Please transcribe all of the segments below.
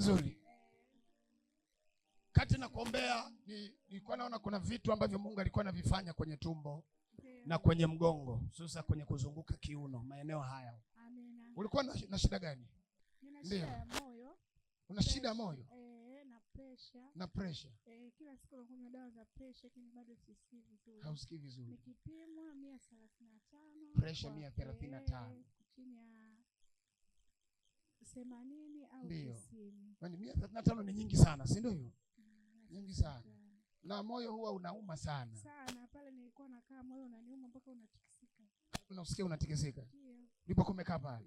Nzuri. Kati na kuombea nilikuwa naona kuna vitu ambavyo Mungu alikuwa anavifanya kwenye tumbo na kwenye mgongo hususa kwenye kuzunguka kiuno maeneo haya. Amina. Ulikuwa na, na shida gani? Nina shida ya moyo. Una shida ya moyo? Eh, na pressure. Na pressure. Eh, kila siku nakunywa dawa za pressure lakini bado sisikii vizuri. Hausikii vizuri. Nikipimwa 135. Pressure 135. Eh, chini themanini au tisini. Yaani mia thelathini na tano ni nyingi sana, si ndio? Hiyo mm, nyingi sana na moyo huwa unauma sana sana. Pale nilikuwa nakaa, moyo unaniuma mpaka unatikisika, unasikia unatikisika, ndipo kumekaa pale.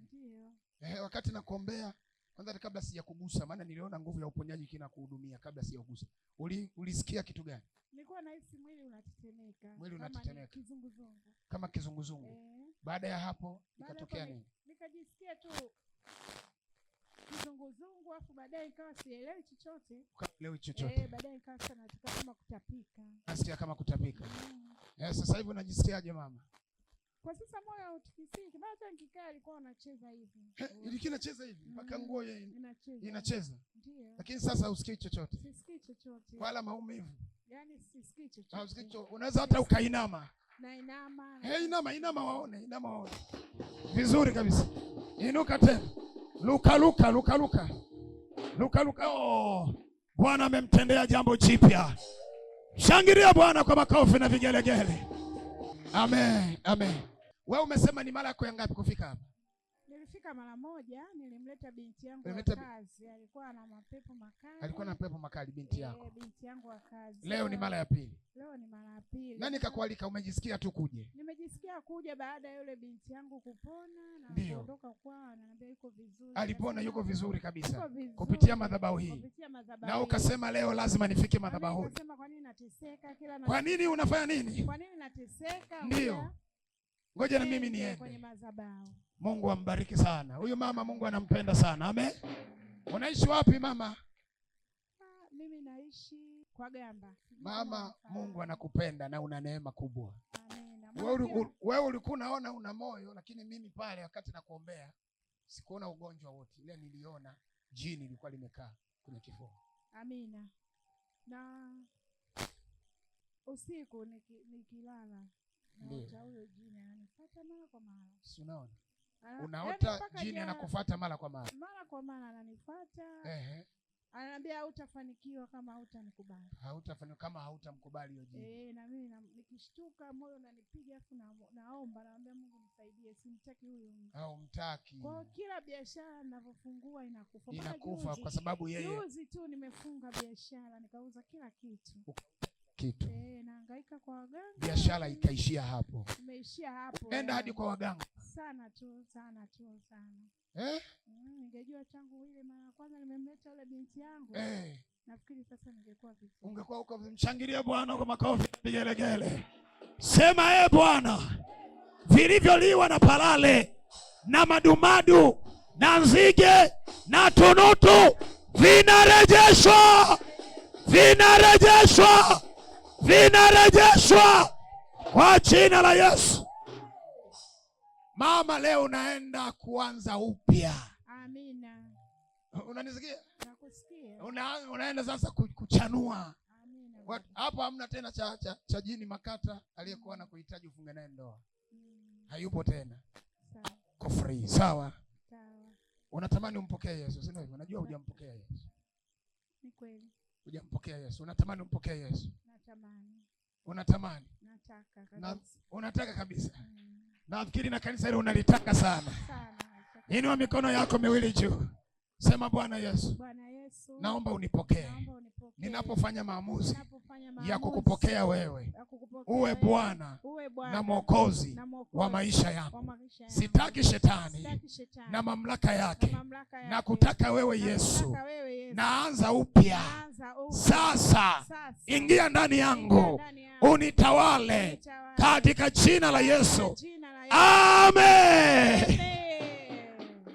Eh, wakati nakuombea kwanza, kabla sijakugusa, maana niliona nguvu ya uponyaji kina kuhudumia. Kabla sijakugusa, uli ulisikia kitu gani? Nilikuwa nahisi mwili unatetemeka, mwili unatetemeka kizunguzungu, kama kizunguzungu. e. Baada ya hapo ikatokea nini? Nikajisikia tu kizunguzungu, afu baadaye ikawa sielewi chochote, ukaelewi chochote eh, baadaye ikawa sasa nataka kama kutapika, nasikia kama kutapika mm. Eh, sasa hivi unajisikiaje mama? Kwa sasa moyo hautikisiki, bado hata nikikaa alikuwa anacheza hivi. Ilikuwa eh, inacheza hivi mpaka mm. nguo yeye inacheza. Inacheza. Ndio. Lakini sasa usikii chochote. Sisikii chochote. Wala maumivu. yani sisikii chochote. Unaweza hata ukainama hey, inama, inama waone, inama waone vizuri kabisa. Inuka tena, luka luka luka luka luka luka. Oh, Bwana amemtendea jambo jipya. Shangilia Bwana kwa makofi na vigelegele. Amen, amen. Wewe umesema ni mara yako yangapi ngapi kufika hapa? nilifika mara moja, nilimleta binti yangu wa kazi, alikuwa na mapepo makali. Alikuwa na mapepo makali binti eh, yako. E, binti yangu wa kazi. Leo ni mara ya pili. Leo ni mara ya pili. Nani kakualika? Umejisikia tu kuje? Nimejisikia kuja baada ya yule binti yangu kupona na kuondoka kwao, ananiambia yuko vizuri. Alipona, yuko vizuri kabisa. Yuko vizuri. Kupitia madhabahu hii. Kupitia madhabahu. Na ukasema leo lazima nifike madhabahu. Ukasema kwa nini nateseka kila mara? Kwa nini unafanya nini? Kwa nini nateseka? Ndio. Ngoja na mimi niende. Mungu ambariki sana huyu mama, Mungu anampenda sana amen. Unaishi wapi mama? Ah, mimi naishi kwa Gamba. Mama, Mungu anakupenda na una neema kubwa. Wewe ulikuwa unaona una moyo, lakini mimi pale wakati nakuombea sikuona ugonjwa wote, ile niliona jini lilikuwa limekaa kwenye kifua. Amina. Na usiku nikilala niki unaona yaani unaota jini anakufata mara kwa mara mara kwa mara ananifuata ehe ananiambia hautafanikiwa kama hautanikubali hautafanikiwa kama hautamkubali hiyo jini eh na mimi nikishtuka moyo unanipiga afu naomba naambia Mungu nisaidie simtaki huyu au ah, mtaki kwa kila biashara ninavyofungua inakufa inakufa juzi, kwa sababu yeye juzi tu nimefunga biashara nikauza kila kitu kitu eh na biashara ikaishia hapo, imeishia hapo enda hadi kwa waganga sana tu, sana tu, sana. Eh? Mm, ningejua tangu ile mara kwanza nimemleta yule binti yangu eh. Nafikiri sasa ningekuwa vizuri. Ungekuwa uko mshangilie Bwana kwa makofi vigelegele, sema eh, Bwana, vilivyoliwa na palale na madumadu na nzige na tunutu vinarejeshwa, vinarejeshwa vinarejeshwa kwa jina la Yesu. Mama, leo unaenda kuanza upya. Amina. Unanisikia? Nakusikia. Una, unaenda sasa kuchanua hapo. Hamna tena cha, cha, cha jini makata aliyekuwa na kuhitaji ufunge naye ndoa mm. Hayupo tena free Sawa, sawa. Unatamani umpokee Yesu, sio ndio? Unajua hujampokea Yesu, ni kweli, hujampokea Yesu, unatamani umpokee Yesu na. Natamani. Unatamani? Nataka kabisa. Na, unataka kabisa mm. Nafikiri na kanisa hilo unalitaka sana, sana. Inua mikono yako miwili juu, sema Bwana Yesu, Bwana Yesu, naomba unipokee, unipokee. Ninapofanya maamuzi ya kukupokea wewe uwe Bwana na Mwokozi wa maisha yangu. Sitaki shetani na mamlaka yake, na kutaka wewe Yesu. Naanza upya sasa, ingia ndani yangu, unitawale katika jina la Yesu, amen.